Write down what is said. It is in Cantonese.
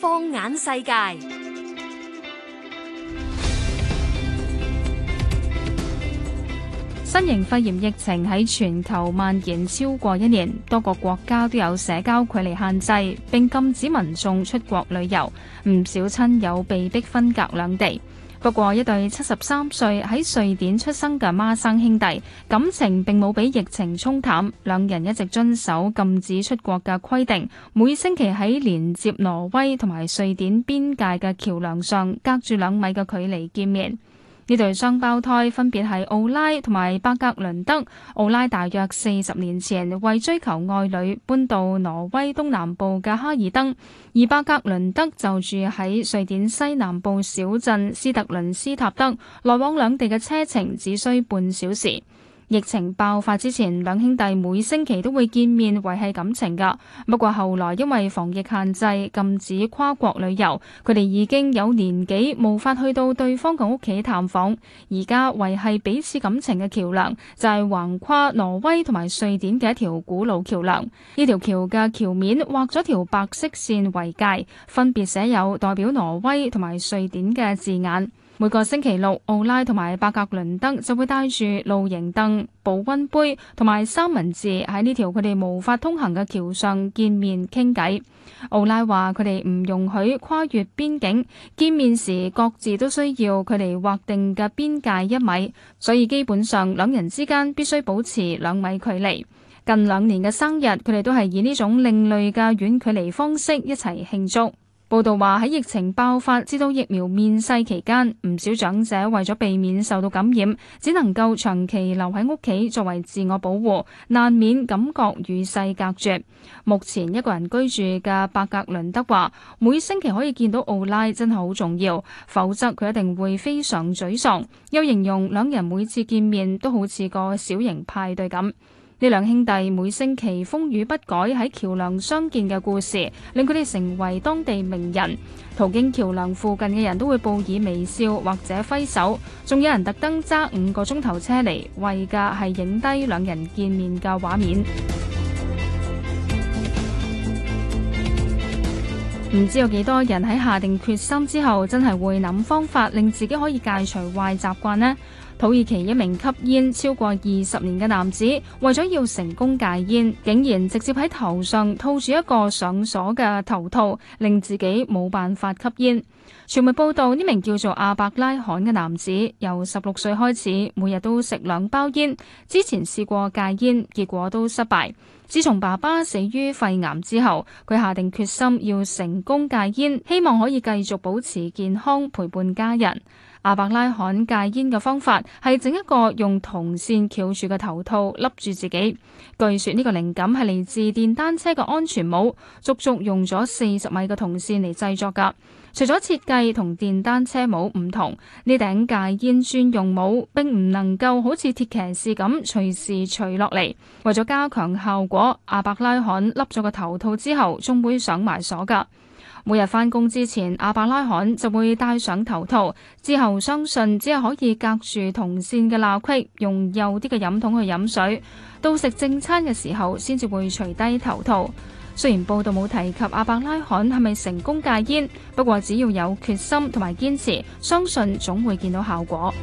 放眼世界，新型肺炎疫情喺全球蔓延超過一年，多個國家都有社交距離限制，並禁止民眾出國旅遊，唔少親友被迫分隔兩地。不過，一對七十三歲喺瑞典出生嘅孖生兄弟，感情並冇俾疫情沖淡。兩人一直遵守禁止出國嘅規定，每星期喺連接挪威同埋瑞典邊界嘅橋樑上隔住兩米嘅距離見面。呢對雙胞胎分別係奧拉同埋巴格倫德。奧拉大約四十年前為追求愛侶，搬到挪威東南部嘅哈爾登，而巴格倫德就住喺瑞典西南部小鎮斯特倫斯塔德，來往兩地嘅車程只需半小時。疫情爆發之前，兩兄弟每星期都會見面維繫感情㗎。不過後來因為防疫限制，禁止跨國旅遊，佢哋已經有年紀，無法去到對方嘅屋企探訪。而家維繫彼此感情嘅橋梁就係橫跨挪威同埋瑞典嘅一條古老橋梁。呢條橋嘅橋面畫咗條白色線為界，分別寫有代表挪威同埋瑞典嘅字眼。每個星期六，奧拉同埋伯格倫登就會帶住露營凳、保溫杯同埋三文治喺呢條佢哋無法通行嘅橋上見面傾偈。奧拉話：佢哋唔容許跨越邊境，見面時各自都需要距離佢哋劃定嘅邊界一米，所以基本上兩人之間必須保持兩米距離。近兩年嘅生日，佢哋都係以呢種另類嘅遠距離方式一齊慶祝。報道話喺疫情爆發至到疫苗面世期間，唔少長者為咗避免受到感染，只能夠長期留喺屋企作為自我保護，難免感覺與世隔絕。目前一個人居住嘅伯格倫德話，每星期可以見到奧拉真係好重要，否則佢一定會非常沮喪。又形容兩人每次見面都好似個小型派對咁。呢兩兄弟每星期風雨不改喺橋樑相見嘅故事，令佢哋成為當地名人。途經橋樑附近嘅人都會報以微笑或者揮手，仲有人特登揸五個鐘頭車嚟，為嘅係影低兩人見面嘅畫面。唔知有幾多人喺下定決心之後，真係會諗方法令自己可以戒除壞習慣呢？土耳其一名吸煙超過二十年嘅男子，為咗要成功戒煙，竟然直接喺頭上套住一個上鎖嘅頭套，令自己冇辦法吸煙。傳媒報道，呢名叫做阿伯拉罕嘅男子由十六歲開始，每日都食兩包煙，之前試過戒煙，結果都失敗。自從爸爸死於肺癌之後，佢下定決心要成功戒煙，希望可以繼續保持健康，陪伴家人。阿伯拉罕戒煙嘅方法係整一個用銅線翹住嘅頭套笠住自己，據說呢個靈感係嚟自電單車嘅安全帽，足足用咗四十米嘅銅線嚟製作㗎。除咗設計同電單車帽唔同，呢頂戒煙專用帽並唔能夠好似鐵騎士咁隨時除落嚟。為咗加強效果，阿伯拉罕笠咗個頭套之後，仲會上埋鎖㗎。每日返工之前，阿伯拉罕就會戴上頭套，之後相信只係可以隔住銅線嘅罅隙，用幼啲嘅飲筒去飲水。到食正餐嘅時候，先至會除低頭套。雖然報道冇提及阿伯拉罕係咪成功戒煙，不過只要有決心同埋堅持，相信總會見到效果。